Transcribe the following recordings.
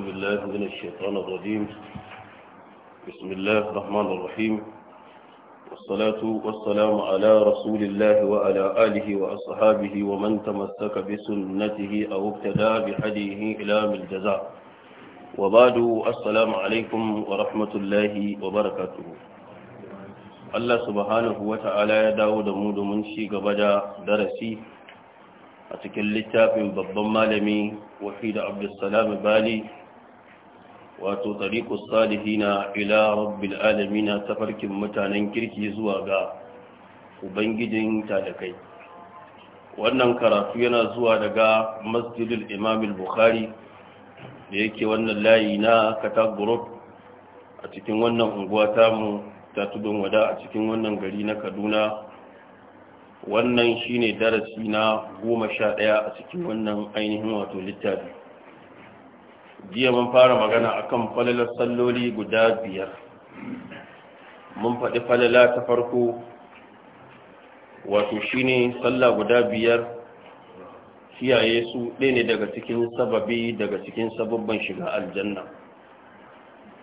أعوذ بالله من الشيطان الرجيم بسم الله الرحمن الرحيم والصلاة والسلام على رسول الله وعلى آله وأصحابه ومن تمسك بسنته أو ابتدى بحديه إلى الجزاء وبعد السلام عليكم ورحمة الله وبركاته الله سبحانه وتعالى يداود مود منشي قبدا درسي a cikin littafin babban malami wahida abdulsalam bali wato tariqus salihina ila rabbil alamin tafarkin mutanen kirki zuwa ga ubangijin talakai wannan karatu yana zuwa daga masjidul imam bukhari da yake wannan layi na katagurut a cikin wannan unguwa tamu ta tudun wada a cikin wannan gari na kaduna wannan shine darasi na goma sha ɗaya a cikin wannan ainihin wato littafi jiya mun fara magana akan falalar salloli guda biyar mun faɗi falala ta farko wato shine salla guda biyar kiyaye su ɗaya ne daga cikin sababi daga cikin sababban shiga aljanna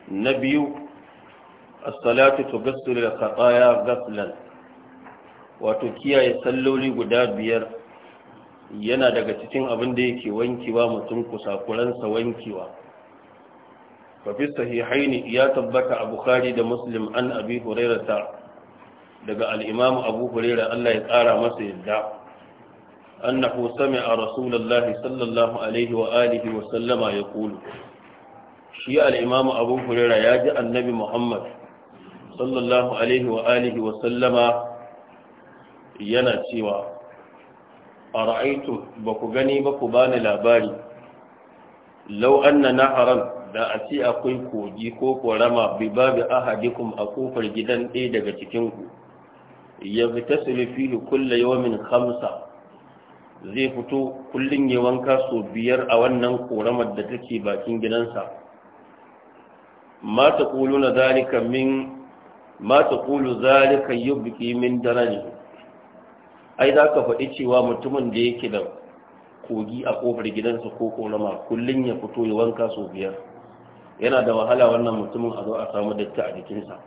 na biyu as-salatu tughsilu da katsaya ghaslan wato kiyaye salloli guda biyar yana daga cikin abin da yake wankewa mutum kusakuransa wankewa fafi sahihaini ya tabbata a bukari da muslim an abi hurairata daga al'imamu abu huraira Allah ya ƙara masa yadda annahu sami a rasulallahi sallallahu alaihi wa wa sallama ya kulu shi al'imamu abu huraira ya ji annabi muhammad sallallahu alaihi wa sallama yana cewa a ra'aitu ba ku gani ba ku bani labari lau anna Haram da a ce akwai kogi ko korama bi babu ahadikum a kofar gidan ɗaya daga cikinku ya fita sulufihi kulla yawamin hamsa zai fito kullum ya wanka sau biyar a wannan koramar da take bakin gidansa Mata Kulu na zalika min mata zalika yi min darani ai za ka faɗi cewa mutumin da yake da kogi a ƙofar gidansa ko ƙorama kullum ya fito ya wanka sau biyar yana da wahala wannan mutumin a zo a samu datti a jikinsa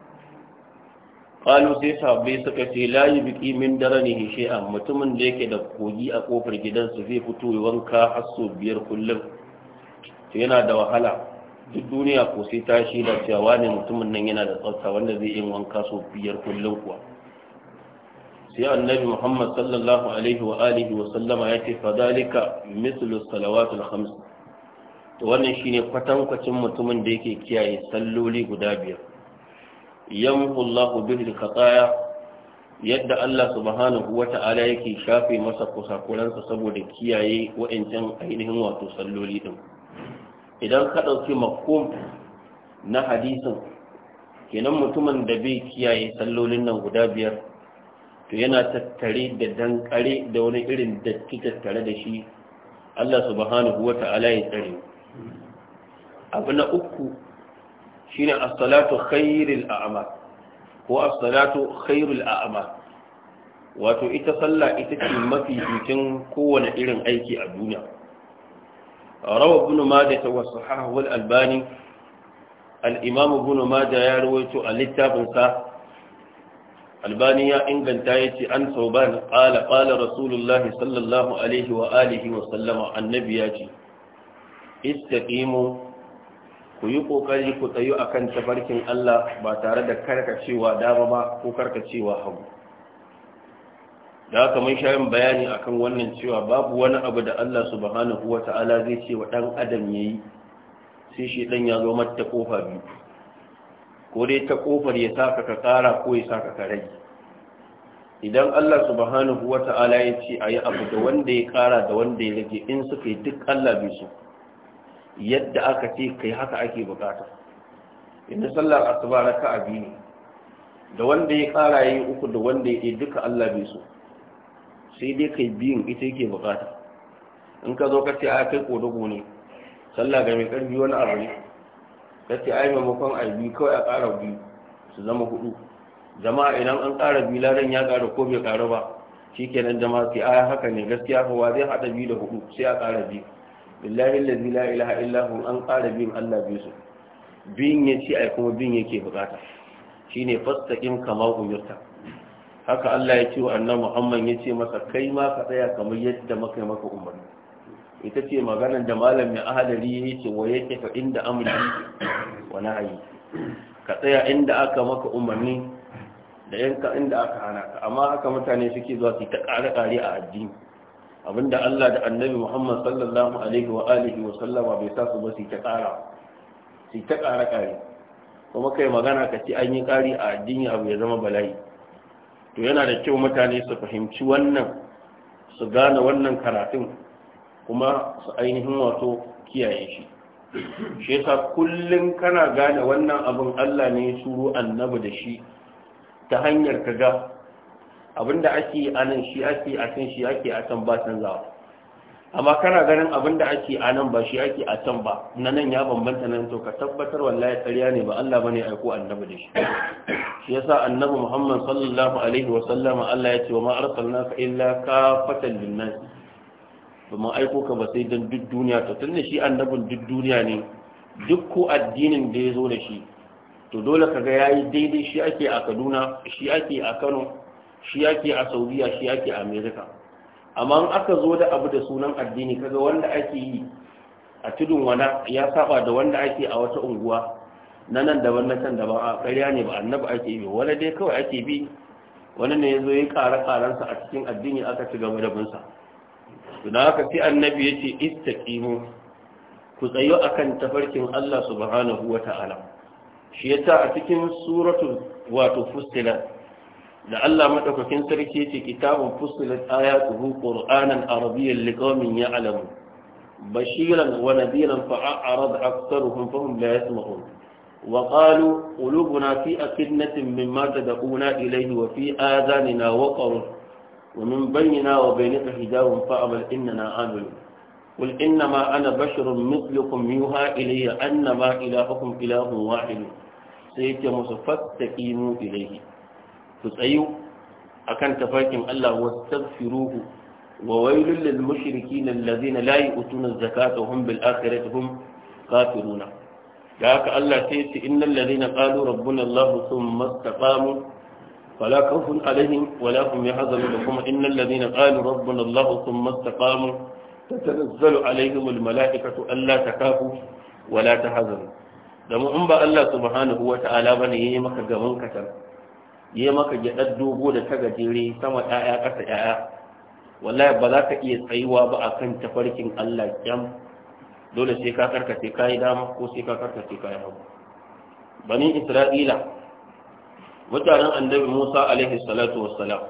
ƙalu sai sabbai suka ce layi biki min dara ne hishe'a mutumin da yake da kogi a ƙofar gidansa zai fito ya wanka har sau biyar kullum yana da wahala duk duniya ko sai ta shi da cewa ne mutumin nan yana da tsafta wanda zai yi wanka sau biyar kullum kuwa sai annabi Muhammad sallallahu alaihi wa alihi wa sallama yake fadalika mislu salawatul khams to wannan shine kwatankwacin mutumin da yake kiyaye salloli guda biyar yamhu Allahu bihi al yadda Allah subhanahu ta'ala yake shafe masa kusakuransa saboda kiyaye wa'ancan ainihin wato salloli din idan ka dauki mako na hadisin kenan mutumin da bai kiyaye sallolin nan guda biyar to yana tattare da dankare da wani irin datti tattare da shi Allah subhanahu wa ta'ala ya tsare abu na uku shine as-salatu khairul a'mal ko as-salatu khairul a'mal wato ita sallah ita ce mafi cikin kowane irin aiki a duniya rawa ibn majah wa sahahu al-albani al-imam ibn majah ya rawaito a littafin sa albani ya inganta ya ce an sauban ƙala ƙala rasulullahi sallallahu alaihi wa alihi wa sallama annabi ya ce istaqimu ku yi ƙoƙari ku tsayu a kan tafarkin Allah ba tare da karkacewa dama ba ko karkacewa hagu da haka mun shayin bayani akan wannan cewa babu wani abu da Allah subhanahu wa ta'ala zai ce wa ɗan adam ya yi sai shi ɗan ya zo mata kofa biyu ko dai ta kofar ya saka ka kara ko ya saka ka rage idan Allah subhanahu wata'ala ya ce a yi abu da wanda ya kara da wanda ya rage in suka yi duk Allah bai so yadda aka ce kai haka ake bukata inda sallar asuba raka abi ne da wanda ya kara yi uku da wanda ya ke duka Allah bai so sai dai kai biyun ita yake bukata in ka zo ka ce a kai kodogo ne sallah ga mai karfi wani abu ne ta ai maimakon a biyu kawai a ƙara biyu su zama hudu jama'a idan an ƙara biyu ladan ya ƙara ko bai ƙaru ba shi kenan jama'a sai Aya, haka ne gaskiya kowa zai haɗa biyu da hudu sai a ƙara biyu billahi lazi la ilaha illahu an ƙara biyun allah biyu su biyun ya ci ai kuma biyun yake bukata shine fastaqim kama umirta haka allah ya ce wa annabi muhammad ya ce masa kai ma ka tsaya kamar yadda muka yi maka umarni ita ce maganar da a ahadari ya ce wa yake ka inda amri wa na'ayi ka tsaya inda aka maka umarni da yanka inda aka hana ka amma haka mutane suke zuwa su ta ƙare-ƙare a addini abinda Allah da annabi Muhammad sallallahu alaihi wa alihi wa sallama bai sa su ba su ta ƙara su ta ƙare-ƙare kuma kai magana ka ce an yi ƙari a addini abu ya zama bala'i to yana da kyau mutane su fahimci wannan su gane wannan karatun kuma su ainihin wato kiyaye shi shi yasa kullum kana gane wannan abin Allah ne ya suru annabi da shi ta hanyar ka ga abinda ake a nan shi ake a can shi ake a can ba canzawa amma kana ganin abinda ake a nan ba shi ake a can ba na nan ya bambanta nan to ka tabbatar wallahi tsariya ne ba Allah bane aiko annabi da shi shi yasa annabi Muhammad sallallahu alaihi wa sallama Allah ya ce wa ma arsalnaka illa kafatan lin-nas ba mu aiko ka ba sai dan duk duniya to tunda shi annabin duk duniya ne duk ko addinin da ya zo da shi to dole ka ga yayi daidai shi ake a Kaduna shi ake a Kano shi ake a Saudiya shi ake a America amma in aka zo da abu da sunan addini kaga wanda ake yi a tudun wana ya saba da wanda ake a wata unguwa na nan daban na can daban a ƙarya ne ba annabi ake bi wani dai kawai ake bi wani ne ya zo ya ƙara ƙaransa a cikin addini aka ci gaba da sa da haka fi annabi ya ce istaqimu ku tsayo akan tafarkin Allah subhanahu wa ta'ala shi ta a cikin suratu wato fustilat da Allah madaukakin sarki yace kitabun fustilat ayatuhu qur'anan arabiyyan liqaumin ya'lamun bashiran wa nadiran fa'arad aktharuhum fahum la yasma'un وقالوا قلوبنا في أكنة مما تدعونا إليه وفي آذاننا وقر ومن بيننا وبينك حجاب فأبل إننا عاملون قل إنما أنا بشر مثلكم يوحى إلي أنما إلهكم إله واحد سيتي مصفتكينوا إليه فسأيوا أكن تفاكم الله واستغفروه وويل للمشركين الذين لا يؤتون الزكاة وهم بالآخرة هم كافرون ذاك الله سيتي إن الذين قالوا ربنا الله ثم استقاموا فلا خوف عليهم ولا هم يحزنون هم إن الذين قالوا ربنا الله ثم استقاموا تتنزل عليهم الملائكة ألا تخافوا ولا تحزنوا دم أنبا الله سبحانه وتعالى بني يمك جمن كتر يمك جدد دوبو da ta gajere sama ƴaƴa ƙasa ƴaƴa wallahi ba za ka iya tsayuwa ba akan tafarkin Allah kyam dole sai ka karkace kai dama ko sai ka karkace kai hagu bani Isra'ila mutanen annabi Musa alaihi salatu wassalam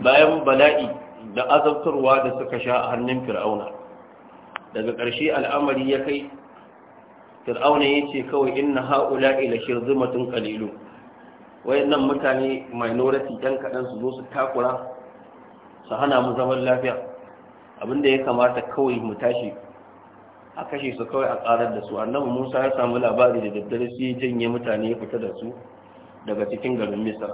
bayan bala'i da azabtarwa da suka sha hannun fir'auna daga ƙarshe al'amari ya kai fir'auna ya ce kawai inna ha'ula la shirzimatun qalilu wayannan mutane minority ɗan kaɗan su zo su takura su hana mu zaman lafiya abinda ya kamata kawai mu tashi a kashe su kawai a ƙarar da su annabi Musa ya samu labari da daddare sai ya janye mutane ya fita da su daga cikin garin misar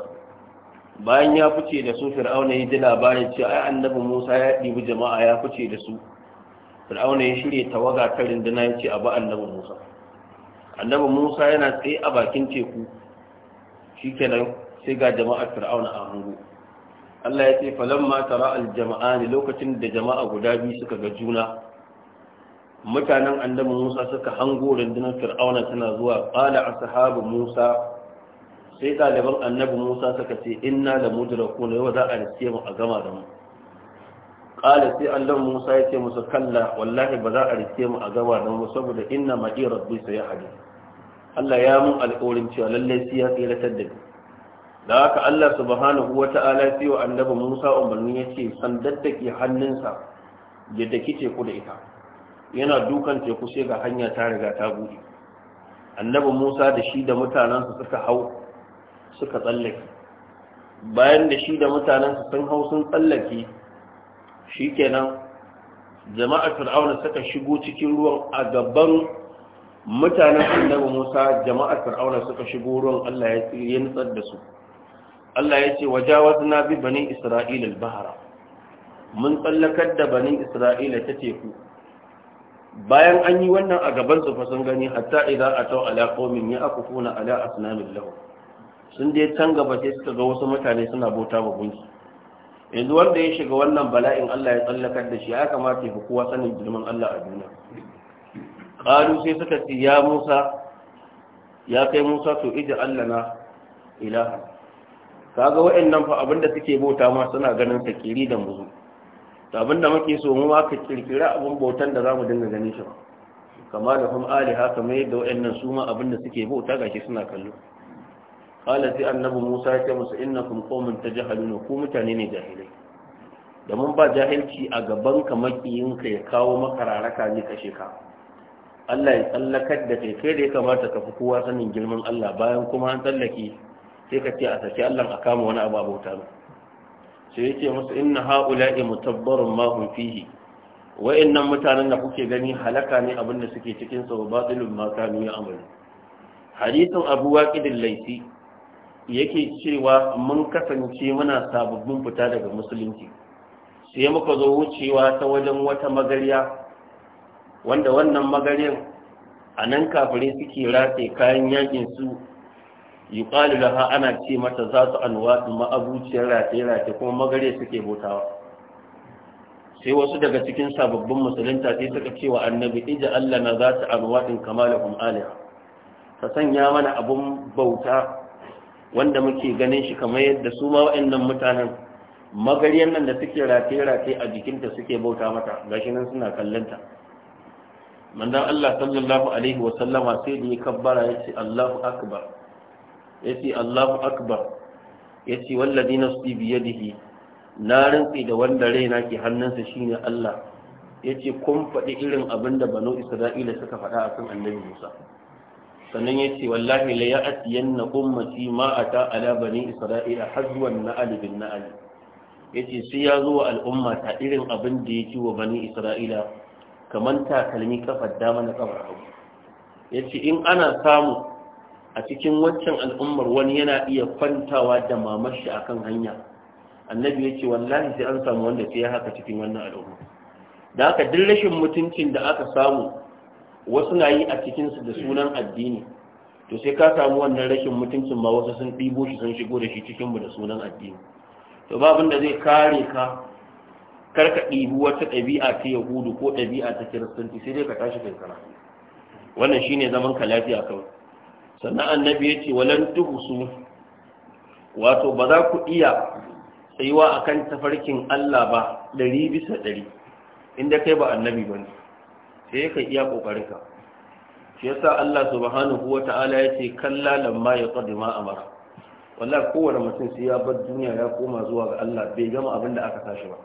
bayan ya fice da su fir'auna ya ji labarin cewa ai annabi musa ya ɗibi jama'a ya fice da su fir'auna ya shirya tawaga ta rinduna ya ce a ba annabi musa annabi musa yana tsaye a bakin teku shikenan sai ga jama'a fir'auna a hango Allah ya ce falamma tara aljama'a ne lokacin da jama'a guda biyu suka ga juna mutanen annabi musa suka hango rundunar fir'auna tana zuwa qala ashabu musa sai ɗaliban annabi musa suka ce inna da mudura kuna yau za a riske mu a gama da mu ƙala sai allon musa ya ce musu kalla wallahi ba za a riske mu a gama da mu saboda inna ma'i rabbi sai hadu allah ya mun alƙawarin cewa lallai sai ya tsiratar da ni da haka allah subhanahu wa ta'ala sai wa annabi musa umarni ya ce sandar da ke hannunsa yadda kice teku da ita yana dukan teku sai ga hanya ta riga ta buɗe annabi musa da shi da mutanensa suka hau suka tsallake bayan da shi da mutanen su sun hau sun tsallake shi shikenan jama'a fir'auna suka shigo cikin ruwan a gaban mutanen annabi Musa jama'a fir'auna suka shigo ruwan Allah ya tsire nutsar da su Allah ya ce wajawazna bi bani isra'ila al-bahra mun tsallakar da banin isra'ila ta teku bayan an yi wannan a gaban su fa sun gani hatta idza ataw ala qaumin yaqufuna ala asnamin sun je can gaba sai suka ga wasu mutane suna bauta ba gunki yanzu wanda ya shiga wannan bala'in Allah ya tsallakar da shi ya kamata ya fi kowa sanin girman Allah a duniya qalu sai suka ce ya Musa ya kai Musa to ija Allah na ilaha kaga nan fa abinda suke bauta ma suna ganin sakiri da muzu to abinda muke so mu ma ka kirkira abin bautan da zamu dinga ganin shi kama da hum aliha kamar yadda nan su ma abinda suke bauta gashi suna kallo qala sai annabi Musa ya ce musu innakum qawmun tajhaluna ku mutane ne jahilai da mun ba jahilci a gaban ka makiyin ka ya kawo maka raraka ne kashe ka Allah ya tsallakar da kai kai da ya kamata ka fi kowa sanin girman Allah bayan kuma an tsallake sai ka ce a saki Allah a kama wani abu bauta ne sai yake musu inna haula'i mutabbarun ma hum fihi wa'annan mutanen da kuke gani halaka ne abin da suke cikin sa batilun ma kanu ya amalu hadisin Abu Waqid al yake cewa mun kasance muna sababbin fita daga musulunci sai muka zo wucewa ta wajen wata magarya wanda wannan magarya a nan kafirai suke rataye kayan yakin su yi laha ana ce mata za su anwa ma'abuciyar rataye-rataye kuma magarya suke botawa sai wasu daga cikin sababbin musulunta sai suka cewa annabi ija Allah na za su anwa ɗin kamalahum aliya ta sanya mana abun bauta wanda muke ganin shi kamar yadda su ma wa'annan mutanen magariyan nan da suke rataye-rataye a jikinta suke bauta mata gashi nan suna kallanta manzon Allah sallallahu alaihi wa sallama sai da ya kabbara ya ce Allahu akbar ya ce Allahu akbar ya ce wallazi nafsi bi yadihi na rantsi da wanda raina ke hannunsa shine Allah ya ce kun faɗi irin abinda da banu Isra'ila suka faɗa akan annabi Musa sannan ya ce wallahi la ya atiyan na ummati ma a ta ala bani isra'ila har zuwa na'ali bin ya ce sai ya zo wa al'umma ta irin abin da ya ci wa bani isra'ila kamar takalmi kafar dama na kafar abu. ya ce in ana samu a cikin waccan al'ummar wani yana iya kwantawa da mamashi a kan hanya annabi ya ce wallahi sai an samu wanda sai ya haka cikin wannan al'umma da haka duk rashin mutuncin da aka samu wasu na yi a cikinsu da sunan addini to sai ka samu wannan rashin mutuncin ba wasu sun ɗibo shi sun shigo da shi cikinmu da sunan addini to ba abinda zai kare ka karka ɗibi wata ɗabi'a ta yahudu ko ɗabi'a ta kiristanci sai dai ka tashi kankara. wannan wannan shine zaman ka lafiya kawai sannan annabi ya ce walan tuhsu wato ba za ku iya tsayuwa kan tafarkin Allah ba ɗari bisa ɗari inda kai ba annabi ba ne sai ka iya kokarinka shi yasa Allah subhanahu wata'ala yace kalla lamma yaqdima amara wallahi kowane mutum sai ya bar duniya ya koma zuwa ga Allah bai gama abin da aka tashi ba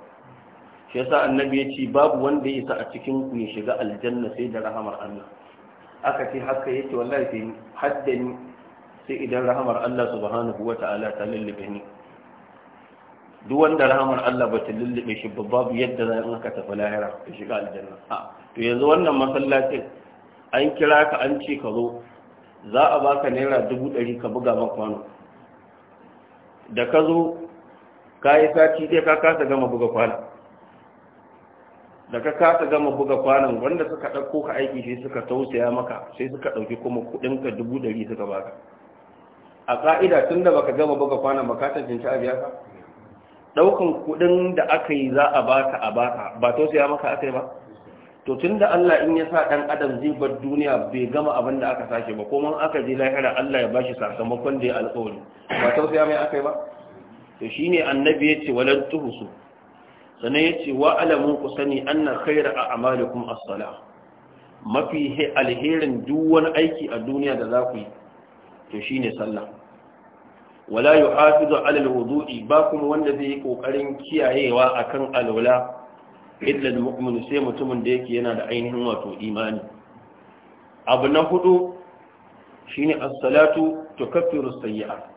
shi yasa annabi ya ce babu wanda ya isa a cikin ku ya shiga aljanna sai da rahamar Allah aka ce haka yake wallahi sai haddani sai idan rahamar Allah subhanahu wata'ala ta lullube ni duk wanda rahamar Allah ba ta lullube shi ba babu yadda za a aka tafi lahira ka shiga aljanna a to yanzu wannan masallacin an kira ka an ce ka zo za a baka naira dubu ɗari ka buga man kwano da ka zo ka yi sati sai ka kasa gama buga kwano da ka kasa gama buga kwanon wanda suka ɗauko ka aiki sai suka tausaya maka sai suka ɗauki kuma kuɗin ka dubu ɗari suka baka a ƙa'ida tun da baka gama buga kwanon ba ka tantance a biya ka Daukan kuɗin da aka yi za a baka a baka ba to siya maka aka yi ba to tun da Allah in ya sa ɗan adam zai bar duniya bai gama abin da aka sake ba kuma aka je lahira Allah ya bashi sakamakon da ya alƙawari ba to siya mai aka yi ba to shine annabi ya ce walan tuhusu sannan ya ce wa alamu ku sani anna khayra a amalikum as-salah mafi alherin duk wani aiki a duniya da za ku yi to shine sallah wala yuhafizu ala wudu'i ba kuma wanda zai yi ƙoƙarin kiyayewa akan alwala illa almu'min sai mutumin da yake yana da ainihin wato imani abu na hudu shine as-salatu tukaffiru sayyi'at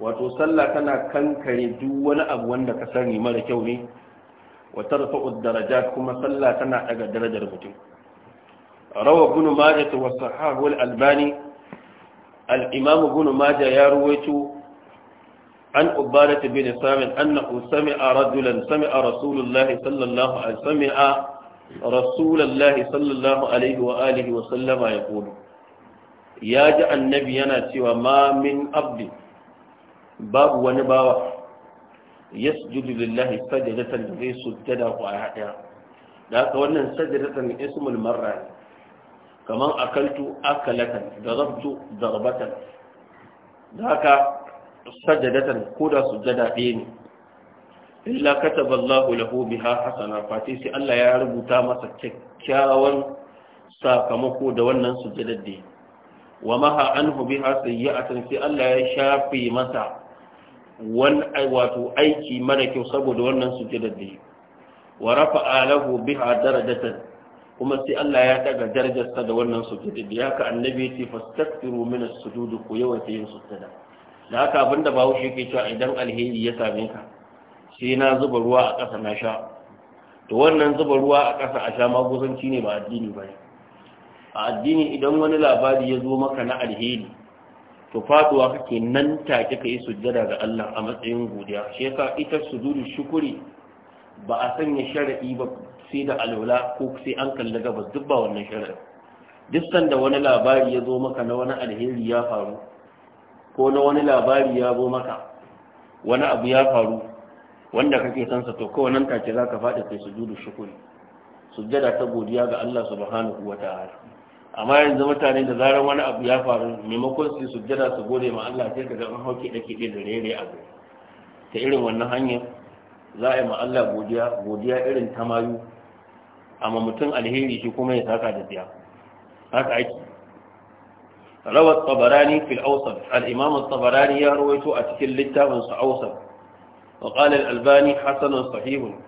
wato sallah tana kankare duk wani abu wanda ka sani mara kyau ne wa tarfa'u darajat kuma sallah tana daga darajar mutum rawa ibn maja ta wasu al-albani al ya ruwaito عن عبادة بن سامع أنه سمع رجلا سمع رسول الله صلى الله عليه رسول الله صلى الله عليه وآله وسلم يقول ya ji annabi yana cewa mamin min abdi babu wani bawa ya sujudu lillahi sajadatan da zai daya da aka wannan sajadatan ismul marra kamar akaltu akalatan da zabtu darbatan da haka sajadatan ko da sujada ɗaya ne illa kataba Allahu lahu biha hasana fati sai Allah ya rubuta masa kyakkyawan sakamako da wannan sujadar da wa maha anhu biha sayyi'atan sai Allah ya shafe masa wani wato aiki mara kyau saboda wannan sujadar da wa rafa'a lahu biha darajatan kuma sai Allah ya daga darajarsa da wannan sujudi da haka annabi ya ce fastaghfiru min as-sujud ku yawaita yin sujada da haka abin da shi ke cewa idan alheri ya same ka sai na zuba ruwa a ƙasa na sha to wannan zuba ruwa a ƙasa a sha magusanci ne ba addini ba a addini idan wani labari ya zo maka na alheri to faduwa kake nan take ka yi sujjada ga Allah a matsayin godiya shi ka ita sujudu shukuri ba a sanya shari'i ba sai da alwala ko sai an kalli gabas duk ba wannan shari'i duk sanda wani labari ya zo maka na wani alheri ya faru ko na wani labari ya zo maka wani abu ya faru wanda kake sansa to kawai nan take za ka faɗi kai sujudu shukuri sujjada ta godiya ga Allah subhanahu wa ta'ala amma yanzu mutane da zarar wani abu ya faru maimakon su sujjada su gode ma Allah sai ka ga an hauke dake kiɗe da rere abu ta irin wannan hanyar za a yi ma Allah godiya godiya irin ta mayu amma mutum alheri shi kuma ya saka da biya haka ake rawa tabarani fil ausaf al-imam tabarani ya rawaito a cikin littafin sa ausaf wa albani hasanun sahihun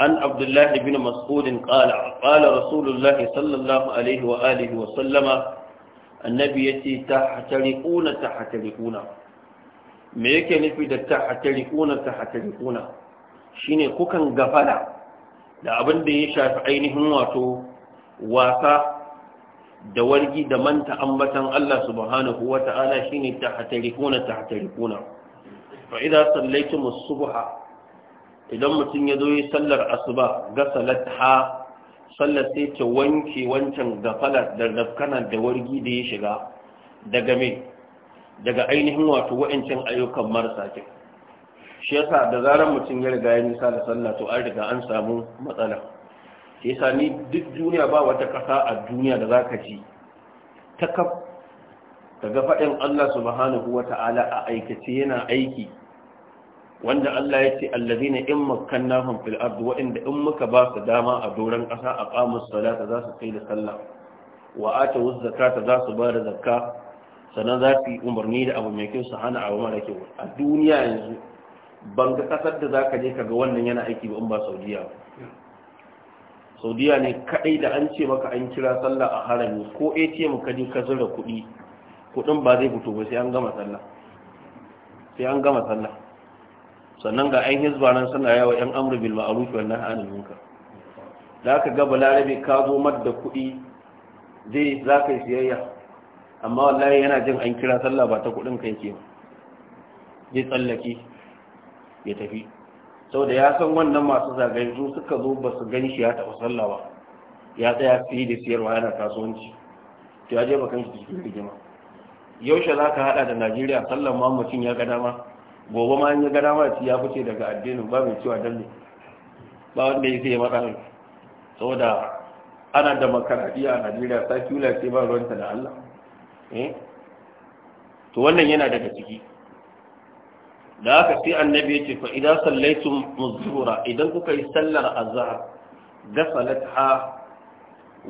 an bin ibn mas'ud qala qala rasulullah sallallahu alaihi wa alihi wa sallama annabi yace tahtariquna tahtariquna me yake nufi da tahtariquna tahtariquna shine kukan gafala da abin da ya shafi ainihin wato wasa da wargi da manta ambatan Allah subhanahu wa ta'ala shine tahtarikuna tahtarikuna fa idan sallaitu as-subha idan mutun yazo yi sallar asuba ga salatha sallar sai ta wanke wancan gafala da dafkana da wargi da ya shiga daga me daga ainihin wato wa'ancin ayyukan marasa ke. shi yasa da zarar mutum ya riga ya nisa da sallah to an riga an samu matsala shi sa ni duk duniya ba wata kasa a duniya da zaka ji ta kaf daga faɗin Allah subhanahu ta'ala a aikace yana aiki wanda Allah ya ce allah in makkannahum fil ard waɗanda in muka ba su dama a doron ƙasa a qamus salata za su kai da sallah wa atu zakata za su ba da zakka sannan za su umarni da abu mai kyau su hana abu mara kyau a duniya yanzu ban ga kasar da za ka je ka ga wannan yana aiki ba in ba saudiya ba saudiya ne kadai da an ce maka an kira sallah a harami ko atm ka je ka zura kuɗi kuɗin ba zai fito ba sai an gama sallah sai an gama sallah sannan ga ayin hizba nan suna yawa yan amru bil ma'ruf wal nahy anil munkar da ka ga balarabe ka zo mad da kuɗi zai za ka yi siyayya amma wallahi yana jin an kira sallah ba ta kuɗin kai ke ba zai tsallake ya tafi saboda ya san wannan masu zagayen su suka zo ba su gani shi ya taɓa sallah ba ya tsaya fiye da siyarwa yana kasuwanci to ya je ba kan cikin rigima yaushe za ka haɗa da najeriya sallan ma mutum ya ga dama gobe ma ya ga dama shi ya fice daga addinin ba mai cewa dalle ba wanda ya sai matsala saboda ana da makaradiya a najeriya sa sakula sai ba ruwanta da allah eh? to wannan yana daga ciki da aka fi annabi ya ce fa idan sallaitum muzura idan kuka yi sallar azhar dafalatha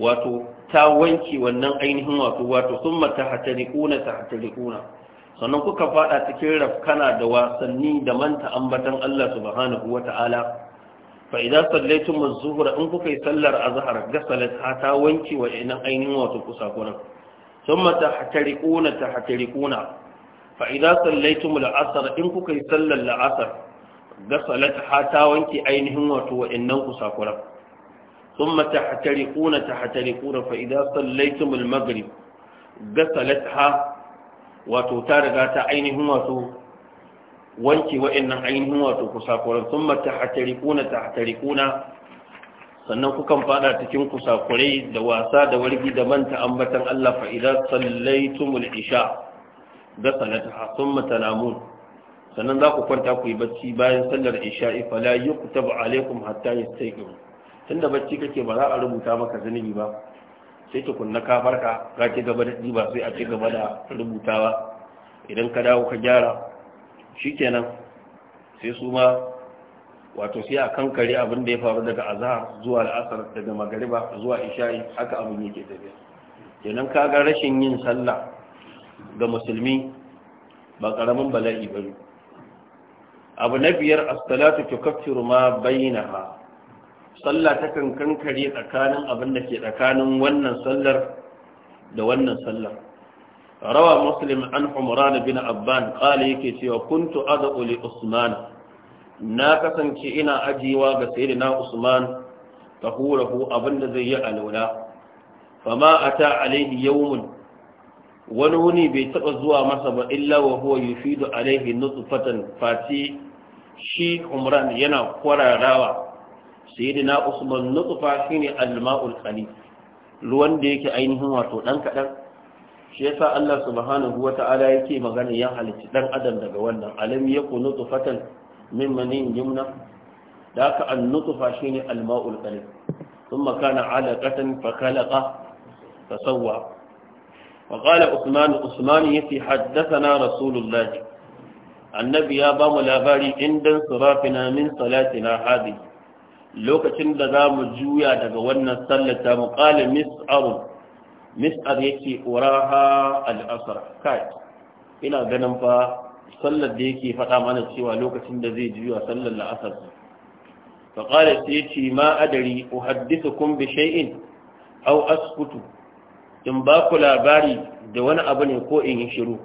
wato ta wanke wannan ainihin wato wato summa ta tahtariquna sannan kuka fada cikin rafkana da wasanni da manta ambatan Allah subhanahu wata'ala fa idan sallaitum muzura in kuka yi sallar azhar Ha' ta wanke wa ainihin wato kusakunan summa ta tahtariquna fa idza sallaytum al in kuka yi sallar la'asar, ga gasalat hata wanke ainihin wato wa'annan kusakura thumma tahtariquna kuna fa idza sallaytum al-maghrib gasalat ha wato ta riga ta ainihin wato wanke wa'annan ainihin wato kusakuran thumma tahtariquna kuna, sannan kukan fada cikin kusakurai da wasa da wargi da manta ambatan Allah fa idza sallaytumul isha a ثم تنامون sannan za ku kwanta ku yi bacci bayan sallar isha'i fala yuktabu alaikum hatta yastayqim tunda bacci kake ba za a rubuta maka zanubi ba sai ta kunna ka farka ka gaba da diba sai a ci gaba da rubutawa idan ka dawo ka gyara shikenan sai su ma wato sai a kankare abin da ya faru daga azhar zuwa al'asar daga magariba zuwa isha'i haka abin yake tafiya kenan ga rashin yin sallah ga musulmi ba ƙaramin bala'i ba abu na biyar as-salatu tukaffiru ma ha. sallah ta kankare tsakanin abin da ke tsakanin wannan sallar da wannan sallar rawa muslim an umran bin abban qala yake cewa kuntu aza uli usman na kasance ina ajiyewa ga sayyidina usman tahurahu abin da zai yi alwala fama ata alaihi yawmun wani wuni bai taba zuwa masa ba illa wa huwa yufidu alaihi nutfatan fati shi umran yana kwararawa sayyidina usman nutfa shine alma'ul qalil ruwan da yake ainihin wato dan kadan shi yasa Allah subhanahu wata'ala yake magana ya halicci dan adam daga wannan alam yakun nutfatan min manin yumna da haka an nutfa shine alma'ul qalil thumma kana alaqatan fa khalaqa fasawwa وقال عثمان عثمان يتي حدثنا رسول الله annabi ya ba mu labari indan surafina min salatina hadi lokacin da za mu juya daga wannan sallar sallata mu kala mis'ar mis'ar yake uraha al'asar kai ina ganin fa sallar da yake faɗa mana cewa lokacin da zai juya sallar la'asar fa kala sai ce ma adari uhaddithukum bi shay'in aw askutu in ba ku labari da wani abu ne ko in yi shiru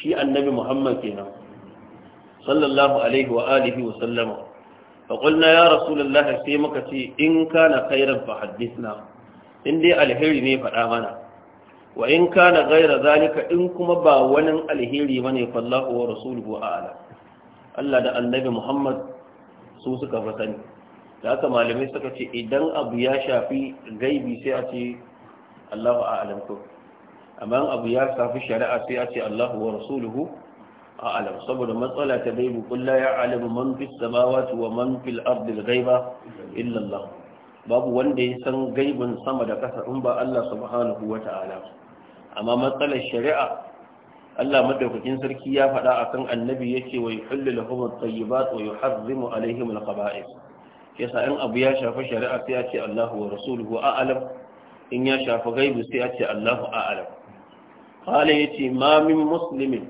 shi annabi muhammad kenan sallallahu alaihi wa alihi wa sallama fa qulna ya rasulullahi sai muka ce in kana khairan fa hadithna in dai alheri ne faɗa mana wa in kana ghaira zalika in kuma ba wani alheri bane fa Allahu wa rasuluhu a'lam Allah da annabi Muhammad su suka fa sani da haka malamai suka ce idan abu ya shafi gaibi sai a ce Allahu a'lam ko amma abu ya safi shari'a sai a ce Allahu wa rasuluhu a'lam saboda matsala ta gaibu kullu ya alimu man fis samawati wa man fil ardi al-ghaiba illa Allah babu wanda ya san gaibin sama da ƙasa in ba Allah subhanahu wa ta'ala amma matsalar shari'a Allah madaukakin sarki ya faɗa akan annabi yake wa yuhillu lahum at-tayyibat wa yuharrimu alaihim al-khaba'ith yasa in abu ya shafi shari'a sai ya ce Allahu wa rasuluhu a'lam in ya shafi gaibu sai a ce Allahu a'lam qala yace ma min muslimin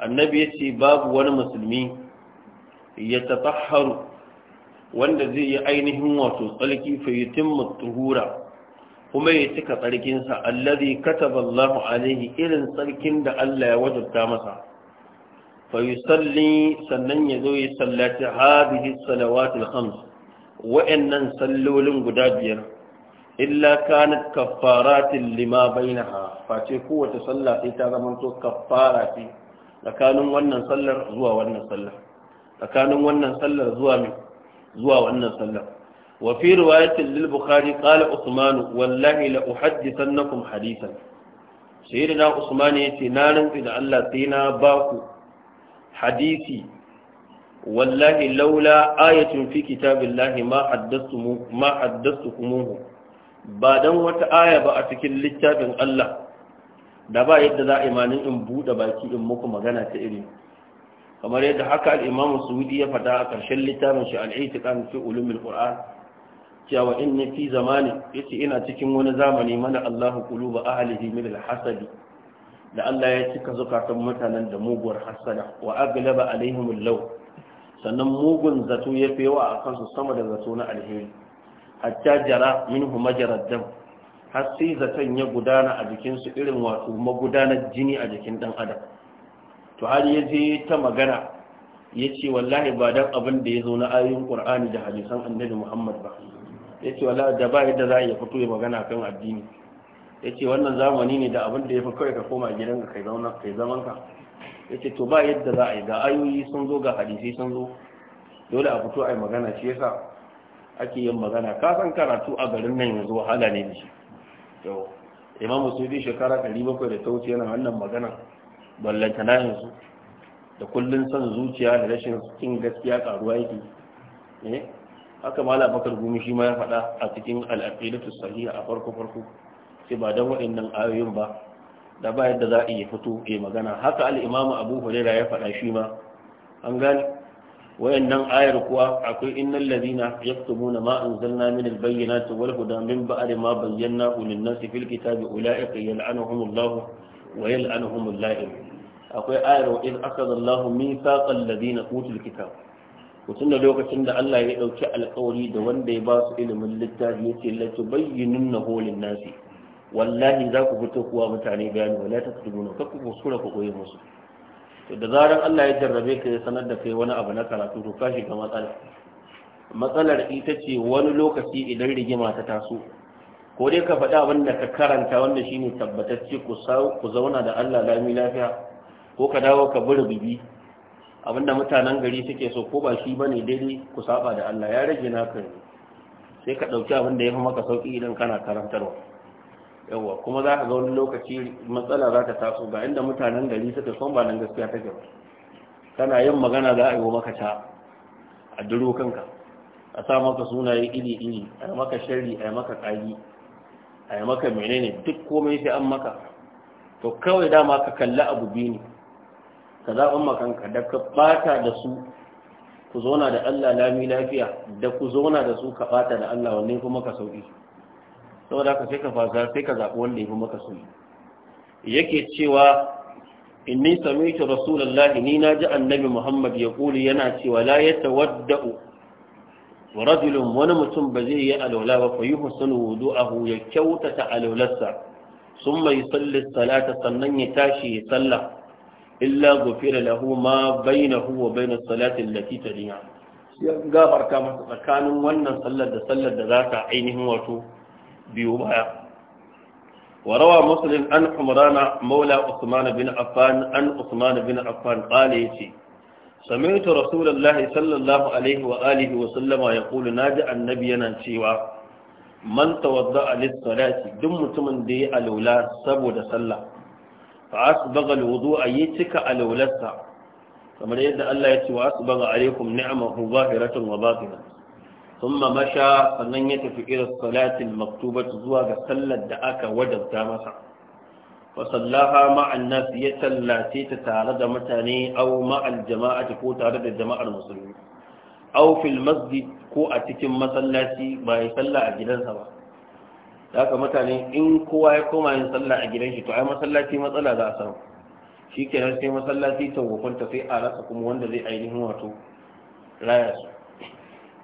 annabi yace babu wani musulmi ya tatahharu wanda zai yi ainihin wato tsalki fa yutimmu tuhura kuma ya cika tsarkinsa allazi kataba Allahu alaihi irin tsarkin da Allah ya wajabta masa fa yusalli sannan ya zo ya sallati hadhihi salawatul khams wa'annan sallolin guda biyar illa kanat kaffaratin lima bainaha face kowace sallah sai ta zama to kaffara ce tsakanin wannan sallar zuwa wannan sallar tsakanin wannan sallar zuwa mai zuwa wannan sallar wa fi riwayatin lil bukhari qala usman wallahi la uhaddithannakum hadithan sayyidina usman yace na rantsi da Allah sai na ba ku hadisi wallahi laula ayatun fi kitabillahi ma haddathu ma haddathukum ba don wata aya ba a cikin littafin Allah da ba yadda za a imanin in buɗe baki in muku magana ta iri kamar yadda haka al'imam suwudi ya fata a ƙarshen littafin shi al'aitikan fi ulumin ƙur'an cewa in ni fi zamani ya ce ina cikin wani zamani mana allahu kuluba ahalihi min alhasadi da allah ya cika zukatan mutanen da muguwar hasada wa aglaba alaihim Lau, sannan mugun zato ya fi yawa a kansu sama da zato na alheri hatta jara minhu majarar dam har sai zaton ya gudana a jikinsu irin wato magudanar jini a jikin dan adam to har ya je ta magana ya ce wallahi ba dan abin da ya zo na ayoyin ƙur'ani da hadisan annabi muhammad ba ya ce wallahi da ba yadda za a iya fito ya magana kan addini ya ce wannan zamani ne da abin da ya fi kawai ka koma gidan ka kai zaman ka ya ce to ba yadda za a yi ga ayoyi sun zo ga hadisi sun zo dole a fito a yi magana shi yasa ake yin magana ka karatu a garin nan yanzu wahala ne shi yau imam sudi shekara 700 da ta yana wannan magana ballanta na yanzu da kullun son zuciya da rashin cikin gaskiya karuwa yake eh haka malam bakar gumi shi ma ya faɗa a cikin al-aqidatu sahiha a farko farko sai ba dan waɗannan ayoyin ba da ba yadda za a iya fito ke magana haka al-imamu abu hurairah ya faɗa shi ma an gani wayannan ayar kuwa akwai innal ladina yaktumuna ma anzalna min albayyinati wal huda min ba'di ma bayyana lin nasi fil kitabi ulaika yal'anuhumullahu wa yal'anuhumul la'in akwai ayar wa in akhadha Allahu mithaqal ladina utul kitab mutum da lokacin da Allah ya dauki alƙawari da wanda ya ba su ilimin littafi yace la tubayyinunna holin nasi wallahi za ku fito kuwa mutane bayani wala taktubuna kakku kuskura ku koyi musu to da zarar Allah ya jarrabe ka ya sanar da kai wani abu na karatu to ka shiga matsala matsalar ita ce wani lokaci idan rigima ta taso ko dai ka faɗi abin da ka karanta wanda shine tabbatacce ku zauna da Allah lami lafiya ko ka dawo ka bi rububi abinda mutanen gari suke so ko ba shi bane daidai ku saba da Allah ya rage naka sai ka dauki abin da ya fi maka sauki idan kana karantarwa yawa kuma za ka ga wani lokaci matsala za ta taso ga inda mutanen gari suka son ba nan gaskiya take ba kana yin magana za a yi wa maka ta a duro kanka a sa maka sunaye iri-iri a yi maka shari a yi maka ƙagi a yi maka menene duk komai sai an maka to kawai dama ka kalli abu biyu ne ka zaɓin makanka da ka ɓata da su ku zauna da Allah lami lafiya da ku zauna da su ka ɓata da Allah wanne kuma ka sauƙi saboda ka sai ka fasa sai ka zaɓi wanda ya fi maka sani yake cewa inni sami'tu rasulullahi ni na ji annabi muhammad ya kuli yana cewa la yatawadda'u rajulun wani mutum ba zai yi alwala ba fa yuhsinu wudu'ahu ya kyautata alwalarsa mai yusalli salata sannan ya tashi ya sallah illa ghufira lahu ma bainahu wa bainas salati allati taliha ya gafarta masa tsakanin wannan sallar da sallar da za ta ainihin wato biyo baya وروى مسلم عن حمران مولى عثمان بن عفان عن عثمان بن عفان قال يتي سمعت رسول الله صلى الله عليه وآله وسلم يقول ناجع النبي ننشيوا من توضأ للصلاة دم تمن دي الولا سبود صلى فأسبغ الوضوء يتك الولا كما يدى الله يتي وأسبغ عليكم نعمه ظاهرة وباطنة ثم مشى sannan ya tafi ila Salatin Maktubatu zuwa ga sallar da aka wajabta masa fa sallaha ya tallace ta tare da mutane aw ma'al ko tare da jama'ar musulmi aw fil ko a cikin masallaci ba ya salla a gidansa ba haka mutane in kowa ya koma yin salla a gidan shi to ai masallaci matsala za a samu sai masallaci tawafanta sai a rasa kuma wanda zai ainihin wato raya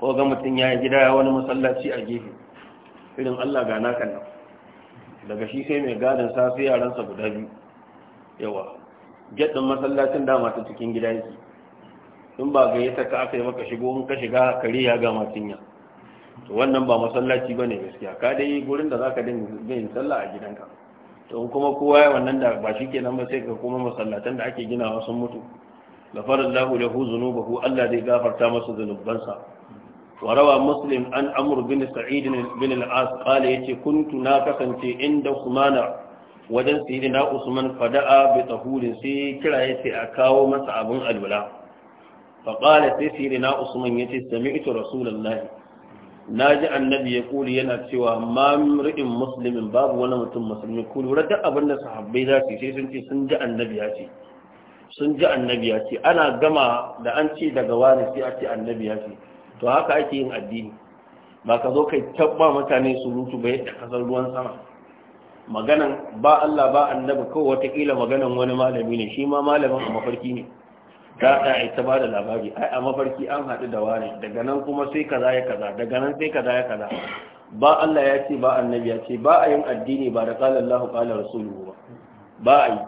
ko ga mutum ya yi gida ya wani masallaci a gefe irin Allah gana nakan daga shi sai mai gadon sasu sai yaransa guda biyu yawa gaddin masallacin dama ta cikin gida yake in ba gayyata ka aka yi maka shigo in ka shiga kare ya ga ya to wannan ba masallaci bane gaskiya ka dai gurin da zaka dinga yin sallah a gidanka to in kuma kowa ya wannan da ba shi kenan ba sai ka kuma masallatan da ake ginawa sun mutu gafarallahu lahu zunubahu Allah zai gafarta masa zunubansa وروى مسلم عن أمر بن سعيد بن العاص قال يتي كنت ناكسا عند عثمان wajen sirina usman fada'a bi sai kira ya a kawo masa abin alwala faƙala sai sirina usman ya ce sami ito rasulallahi na ji annabi ya kuli yana cewa mamri'in musulmin babu wani mutum musulmi kuli wurin duk abin da sahabbai za su sai sun ji annabi ya ce ana gama da an ce daga wani sai a ce annabi ya ce to haka ake yin addini ba ka zo kai tabba mutane su surutu ba yadda kasar ruwan sama maganan ba Allah ba annabi kawai watakila maganan wani malami ne shi ma malamin a mafarki ne ta ta ai ta da labari ai a mafarki an haɗu da wani daga nan kuma sai kaza ya kaza daga nan sai kaza ya kaza ba Allah ya ce ba annabi ya ce ba a yin addini ba da qala Allahu qala rasuluhu ba ba a yi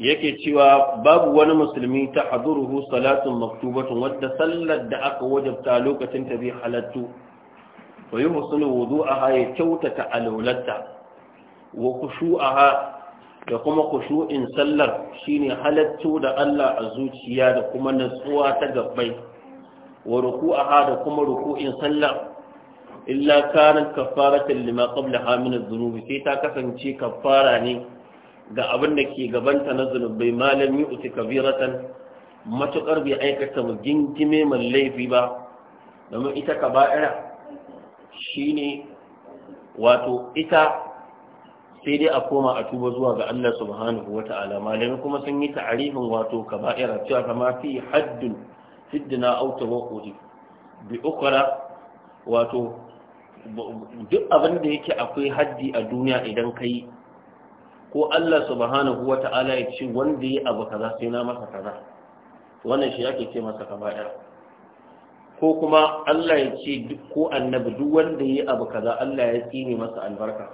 yake cewa babu wani musulmi ta haduruhu salatun maktubatun wadda sallar da aka wajabta lokacin ta bi halattu wa yi husnu wudu'aha ya kyautata alulatta wa khushu'aha da kuma in sallar shine halattu da Allah a zuciya da kuma natsuwa ta gabbai wa ruku'aha da kuma ruku'in sallar illa kanat kafaratan lima qablaha min adh sai ta kasance kafara ne ga abin da ke gabanta na zunubai malam yi uti kabiratan matuƙar bai aikata mu gingime mai laifi ba domin ita shi ne, wato ita sai dai a koma a tuba zuwa ga Allah subhanahu wa ta'ala malami kuma sun yi ta'arifin wato kaba'ira cewa kama fi haddun na auta waƙoƙi bi ukura wato duk abin da yake akwai haddi a duniya idan ka yi ko Allah subhanahu wa ta'ala ya ce wanda ya abu kaza sai na masa kaza wannan shi yake ce masa kama ɗaya. ko kuma Allah ya ce duk ko annabi duk wanda yi abu kaza Allah ya tsine masa albarka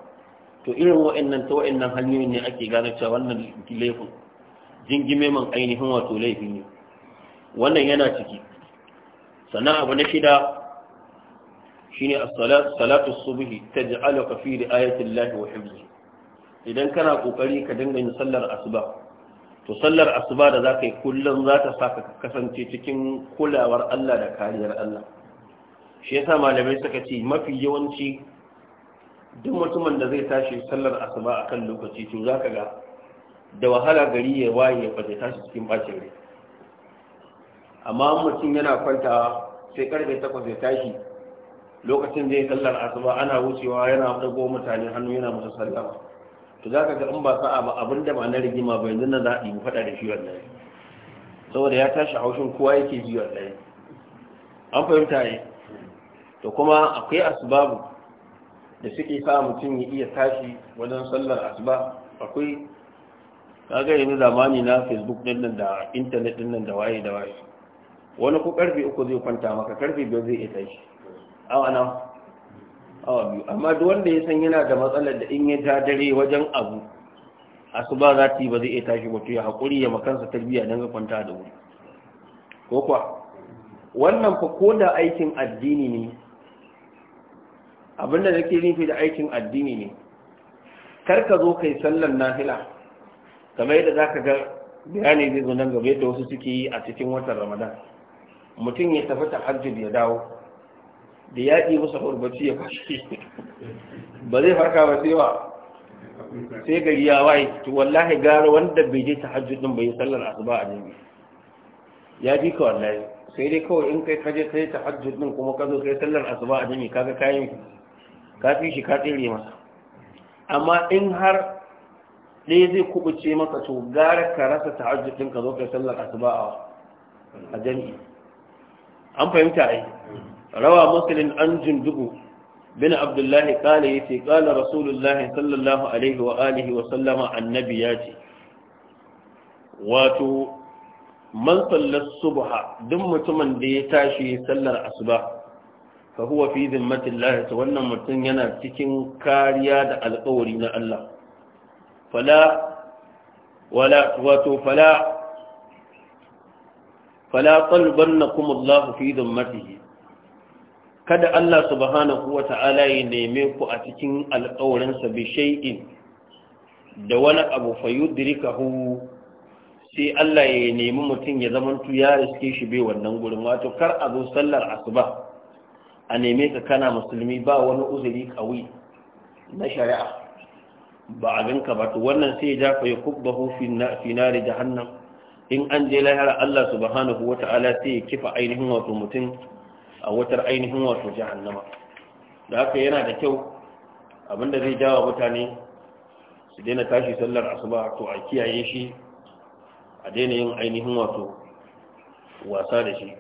to irin wa'annan ta wa'annan hanyoyin ne ake gane cewa wannan laifin jingime man ainihin wato laifin ne wannan yana ciki sannan abu na shida shine as-salatu as-subhi taj'aluka fi ri'ayati Allah wa hifzihi idan kana kokari ka dinga yin sallar asuba to sallar asuba da zaka yi kullum za ta saka kasance cikin kulawar Allah da kariyar Allah shi yasa malamai suka ce mafi yawanci duk mutumin da zai tashi sallar asuba akan lokaci to zaka ga da wahala gari ya waye ya fata tashi cikin bacin rai amma mutum yana kwanta sai karfe takwas ya tashi lokacin zai sallar asuba ana wucewa yana dago mutane hannu yana musu sallama to za ka ga in ba sa'a ba abin da ba na rigima ba yanzu na za a faɗa da shi wallahi saboda ya tashi haushin kowa yake ji wallahi an fahimta ne to kuma akwai asbabu da suke sa mutum ya iya tashi wajen sallar asuba akwai ka ga yanzu zamani na facebook din nan da internet din nan da waye da waye wani ko karfe uku zai kwanta maka karfe biyar zai iya tashi awa nawa awa amma duk wanda ya san yana da matsalar da in ya ja dare wajen abu asuba za ta yi ba zai iya tashi ba ya haƙuri ya makansa tarbiya don ga kwanta da wuri ko kwa wannan fa ko da aikin addini ne abinda nake nufi da aikin addini ne kar ka zo kai sallan nafila kamar yadda zaka ga bayani zai zo nan gaba yadda wasu suke yi a cikin watan ramadan mutum ya tafi ta tahajjud ya dawo da ya ɗi masa hurbaci ya fashe ba zai farka ba sai ba sai gari ya waye to wallahi gara wanda bai je ta hajji ɗin bai sallar asuba a jami'i ya fi ka wallahi sai dai kawai in kai kaje sai ta hajji ɗin kuma ka zo kai sallar asuba a jami'i kaga kayan ka fi shi ka tsere masa amma in har ɗaya zai kubuce maka to gara ka rasa ta hajji ɗin ka zo kai sallar asuba a jami'i an fahimta ai rawa muslim an jundubu bin abdullahi kala ya ce kala rasulullahi sallallahu alaihi wa alihi wa annabi ya ce wato man sallar duk mutumin da ya tashi sallar asuba fa huwa fi wannan mutum yana cikin kariya da alƙawari na Allah fala wala wato fala fi kada Allah subhanahu wa ta'ala ya neme ku a cikin alƙawarinsa bi da wani abu fayudrikahu sai Allah ya nemi mutum ya zamantu ya riske shi bai wannan gurin wato kar a zo sallar asuba a neme ka kana musulmi ba wani uzuri kawai na shari'a ba a ganka ba to wannan sai ya jafa ya kubbahu fi nari jahannam in an je lahara, Allah subhanahu ta'ala sai ya kifa ainihin wato mutum a wutar ainihin wato jahannama da haka yana da kyau abinda zai jawa mutane su daina tashi sallar asuba to a kiyaye shi a daina yin ainihin wato wasa da shi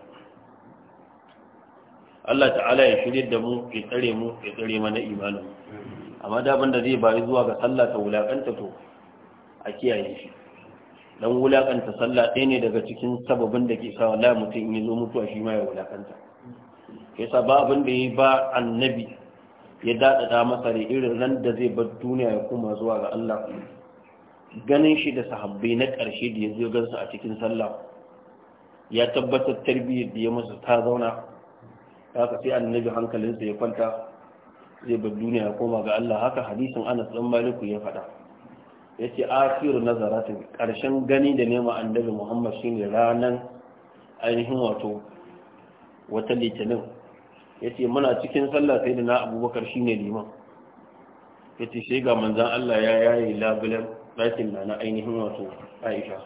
Allah ta'ala ya shirye da mu ya tsare mu ya tsare mana imanin amma da abinda zai bayi zuwa ga sallah ta wulakanta to a kiyaye shi dan wulakanta sallah ɗaya ne daga cikin sababin da ke sa wala mutum in yi zo mutuwa shi ma ya wulakanta yasa ba da ya ba annabi ya daɗaɗa masa da irin nan da zai bar duniya ya kuma zuwa ga Allah ganin shi da sahabbai na ƙarshe da ya zo gansu a cikin sallah ya tabbatar tarbiyyar da ya masa ta zauna haka sai annabi hankalinsa ya kwanta zai bar duniya ya koma ga Allah haka hadisin Anas ɗan Maliku ya faɗa ya ce akiru nazaratin ƙarshen gani da nema annabi Muhammad shine ranan ainihin wato wata litinin yace muna cikin sallah sai da na abubakar shi ne liman yace sai ga manzan Allah ya yayi labulan ɗakin na na ainihin wato Aisha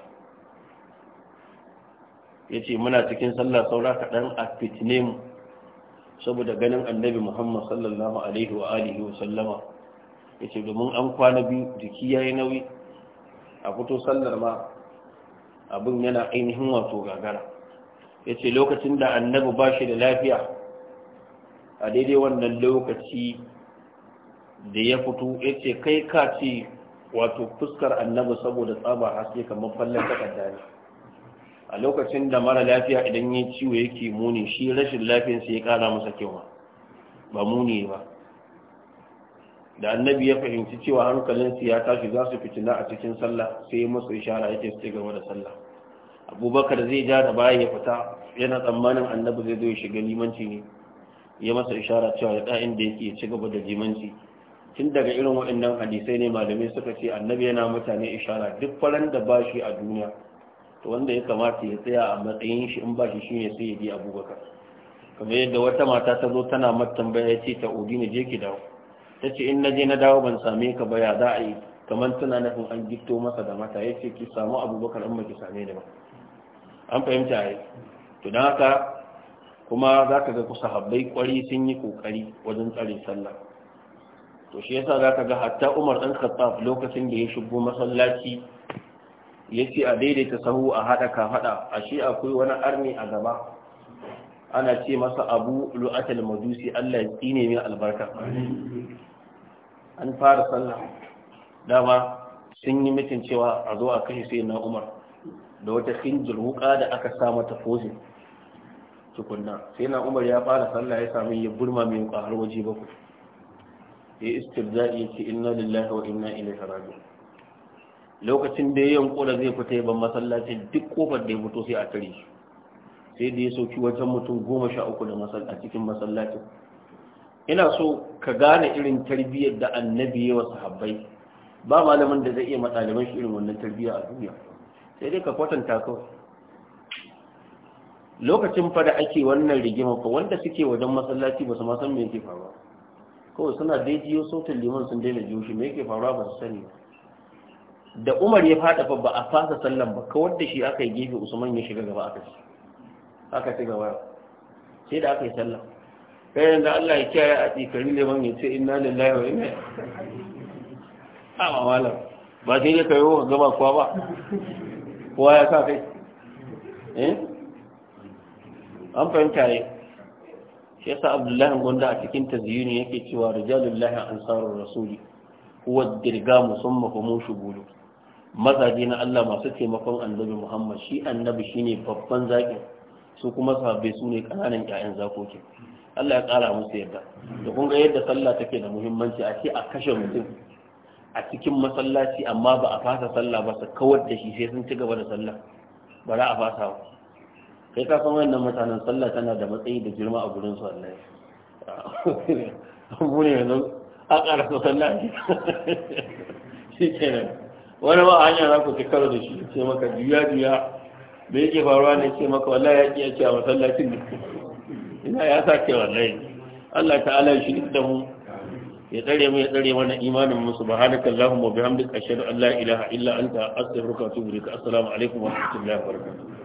yace muna cikin sallah saura kaɗan a fitne mu saboda ganin annabi Muhammad sallallahu alaihi wa alihi wa sallama yace domin an kwana biyu jiki ya yi nauyi a fito sallar ma abin yana ainihin wato gagara yace lokacin da annabi ba shi da lafiya a daidai wannan lokaci da ya fito ya ce kai ka ce wato fuskar annabi saboda tsaba haske kamar fallon takarda ne a lokacin da mara lafiya idan ya ciwo yake muni shi rashin lafiyarsa ya kara masa kewa ba muni ba da annabi ya fahimci cewa hankalinsu ya tashi za su fitina a cikin sallah sai masu ishara yake su gaba da sallah abubakar zai ja da baya ya fita yana tsammanin annabi zai zo ya shiga limanci ne ya masa ishara cewa ya ɗa'in da yake ci gaba da jimanci. tun daga irin waɗannan hadisai ne malamai suka ce annabi yana mutane ishara duk faran da ba shi a duniya to wanda ya kamata ya tsaya a matsayin shi in ba shi ne sai ya bi abubakar kamar yadda wata mata ta zo tana matambaya ce ta odina je ki dawo ta ce in na je na dawo ban same ka ba ya za a yi kamar tana nufin an gifto masa da mata ya ce ki samu abubakar in ba ki same ni ba an fahimta ya to don haka kuma za ka ga kusa habbai kwari sun yi kokari wajen tsare sallah to shi yasa za ka ga hatta umar ɗan khattab lokacin da ya shigo masallaci ya ce a daidaita sahu a haɗa kafaɗa a shi akwai wani arni a gaba ana ce masa abu lu'atul majusi allah ya tsine mai albarka an fara sallah dama sun yi mutuncewa a zo a kashe sai na umar da wata khinjul wuka da aka sa mata fozin tukunna sai na umar ya fara sallah ya sami ya burma mai har waje baku ya istirza'i ce inna lillahi wa inna ilaihi raji'un lokacin da ya yankura zai fita ban masallaci duk kofar da ya fito sai a tare shi sai da ya sauki wajen mutum goma sha uku da a cikin masallacin ina so ka gane irin tarbiyyar da annabi ya wa sahabbai ba malamin da zai iya matsaliban shi irin wannan tarbiyyar a duniya sai dai ka kwatanta kawai lokacin fa da ake wannan rigima fa wanda suke wajen masallaci ba su ma san me yake faruwa kawai suna dai jiyo sautin liman sun daina jiyo shi me yake faruwa ba su sani da Umar ya fada fa ba a fasa sallan ba kawar da shi aka yi gefe Usman ya shiga gaba aka ci aka ci gaba sai da aka yi sallah kai yanzu Allah ya kiyaye a tsikari liman ya ce inna lillahi wa inna amma wala ba sai dai ka yi gaba kuwa ba kowa ya sa kai eh an fahimta ne shi yasa abdullahi gonda a cikin tazyini yake cewa rijalullahi ansarur rasuli huwa dirga fa musu bulu mazaje na Allah masu taimakon annabi Muhammad shi annabi shine babban zaƙi, su kuma sahabbai su ne kananan ƴaƴan zakoki. Allah ya kara musu yadda da kun ga yadda sallah take da muhimmanci a ce a kashe mutum a cikin masallaci amma ba a fasa sallah ba su kawar da shi sai sun ci gaba da sallah ba za a fasa ba kai ka san wannan mutanen sallah tana da matsayi da girma a gurin su Allah mu ne yanzu a ƙara sallah shi kenan wani ba hanya za ku ci da shi ce maka juya juya da yake faruwa ne ce maka wallah ya ki yake a masallacin da ina ya ke wallahi Allah ta'ala shi da mu ya tsare mu ya tsare mana imanin mu subhanaka allahumma wa bihamdika ashhadu an la ilaha illa anta astaghfiruka wa atubu ilaik assalamu alaikum wa rahmatullahi wa barakatuh